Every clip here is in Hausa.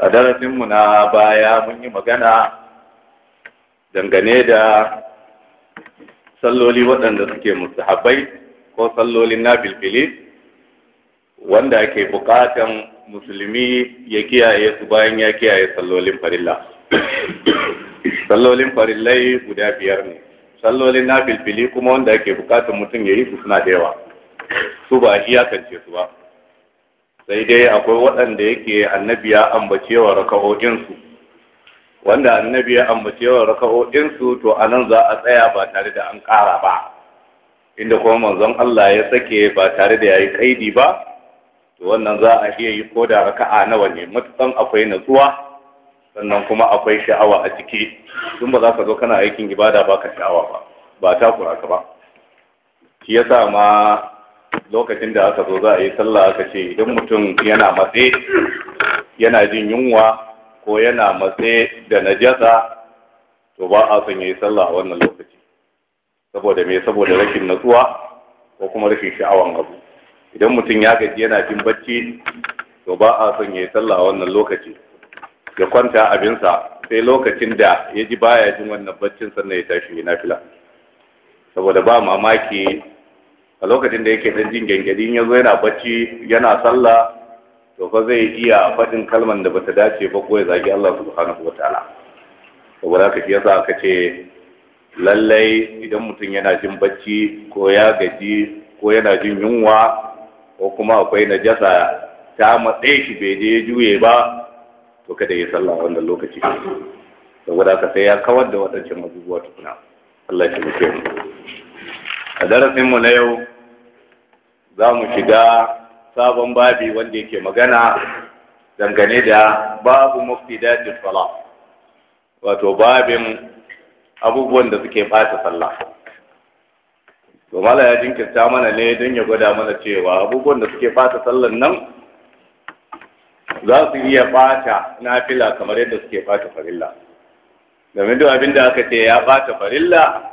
a darasinmu na baya mun yi magana dangane da salloli waɗanda suke musahabai ko sallolin na bilbili wanda ke buƙatan musulmi ya kiyaye su bayan ya kiyaye sallolin farilla sallolin farillai guda biyar ne sallolin na filfili kuma wanda ake bukatar mutum ya yi su suna da yawa su ba iyakance su ba sai dai akwai waɗanda yake annabi ya wa raka'o'insu wanda annabi ya wa raka'o'insu to a nan za a tsaya ba tare da an ƙara ba inda kuma manzon Allah ya sake ba tare da yayi kaidi ba to wannan za a iya yi ko da raka'a nawa ne matukan akwai natsuwa sannan kuma akwai sha'awa a ciki tun ba za ka zo kana aikin ibada ba ka sha'awa ba ba ta kura ka ba shi yasa ma lokacin da aka zo za a yi sallah aka ce idan mutum yana matse yana jin yunwa ko yana matse da najasa to ba a son yi sallah a wannan lokaci saboda me saboda rashin natsuwa ko kuma rashin sha'awan abu idan mutum ya gaji yana jin bacci to ba a son yi sallah a wannan lokaci ya kwanta abinsa sai lokacin da ya ji baya jin wannan baccin sannan ya tashi na fila saboda ba mamaki a lokacin da yake dan jin gangadin ya zo yana bacci yana sallah to fa zai iya faɗin kalman da bata dace ba ko ya zagi Allah subhanahu wataala saboda haka shi yasa aka ce lallai idan mutum yana jin bacci ko ya gaji ko yana jin yunwa ko kuma akwai najasa ta matse shi bai je juye ba to kada ya sallah wannan lokaci saboda haka sai ya kawar da waɗancan abubuwa tukuna Allah ya taimake mu a darasin mu na yau za mu shiga sabon babi wanda yake magana dangane da babu mafidati sala wato babin abubuwan da suke bata sallah to mala ya jinkirta mana ne don ya gwada mana cewa abubuwan da suke bata sallan nan za su iya na fila kamar yadda suke fata farilla domin duk abin da aka ce ya fata farilla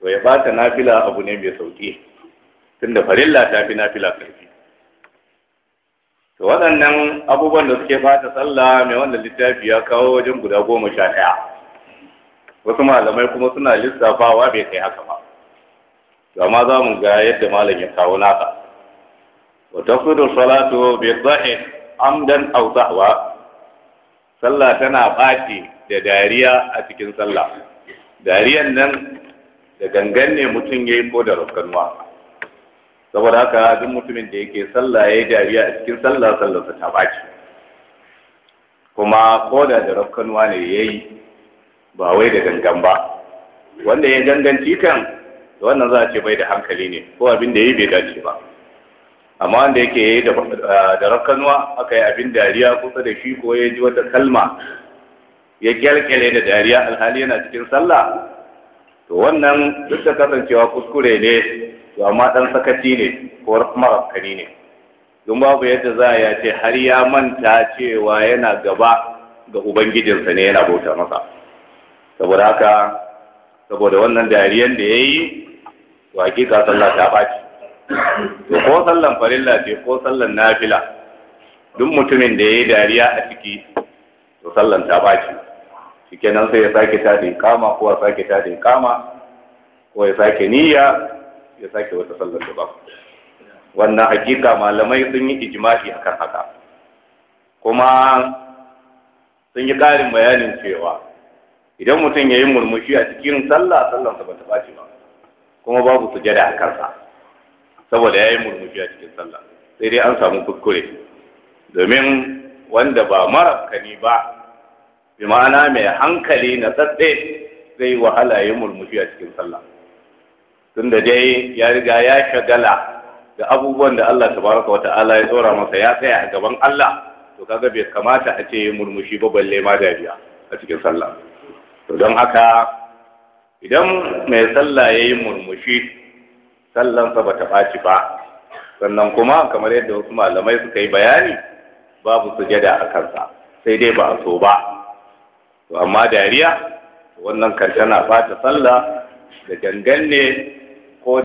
to ya na fila abu ne mai sauki tunda farilla ta fi na fila karfi to waɗannan abubuwan da suke fata sallah mai wannan littafi ya kawo wajen guda goma sha ɗaya wasu malamai kuma suna lissafawa bai kai haka ba to amma za mu ga yadda malam ya kawo naka wa tafsidu salatu bai amdan aw sahwa sallah tana ɓaci da dariya a cikin sallah dariyan nan da gangan ne mutum ya yi ko da rukunwa saboda haka duk mutumin da yake sallah yayi dariya a cikin sallah sallarsa ta ɓaci kuma ko da da rukunwa ne ya ba wai da gangan ba wanda ya ganganci kan wannan za a ce bai da hankali ne ko abin da ya bai dace ba amma wanda yake yayi ah, da rakkanuwa aka yi abin dariya kusa da shi ko ya ji wata kalma ya kyalkyale da dariya alhali yana cikin sallah to wannan duk da kasancewa kuskure ne to amma dan sakaci ne ko marafkani ne don babu yadda za ya ce har ya manta cewa yana gaba ga ubangijinsa ne yana bauta masa saboda haka saboda wannan dariyan da ya yi to hakika sallah ta ɓaci ko sallan farilla ce ko sallan nafila duk mutumin da ya yi dariya a ciki to sallan ta baci shikenan sai ya sake din kama ko ya sake din kama ko ya sake niyya ya sake wata sallar da ba wannan hakika malamai sun yi ijma'i akan haka kuma sun yi ƙarin bayanin cewa idan mutum ya yi murmushi a cikin sallah sallan sa bata ɓaci ba kuma babu sujada a kansa saboda ya yi murmushi a cikin sallah sai dai an samu kuskure domin wanda ba marafkani ba bi ma'ana mai hankali na tsatse zai wahala ya murmushi a cikin sallah tunda dai ya riga ya shagala da abubuwan da Allah ta baraka wa ta'ala ya tsora masa ya tsaya a gaban Allah to kaga bai kamata a ce yi murmushi ba balle ma dariya a cikin sallah to don haka idan mai sallah ya yi murmushi sallansa ba ta ɓaci ba sannan kuma kamar yadda wasu malamai suka yi bayani babu sujada a kansa sai dai ba a so ba to amma dariya wannan kan tana fata sallah da gangan ne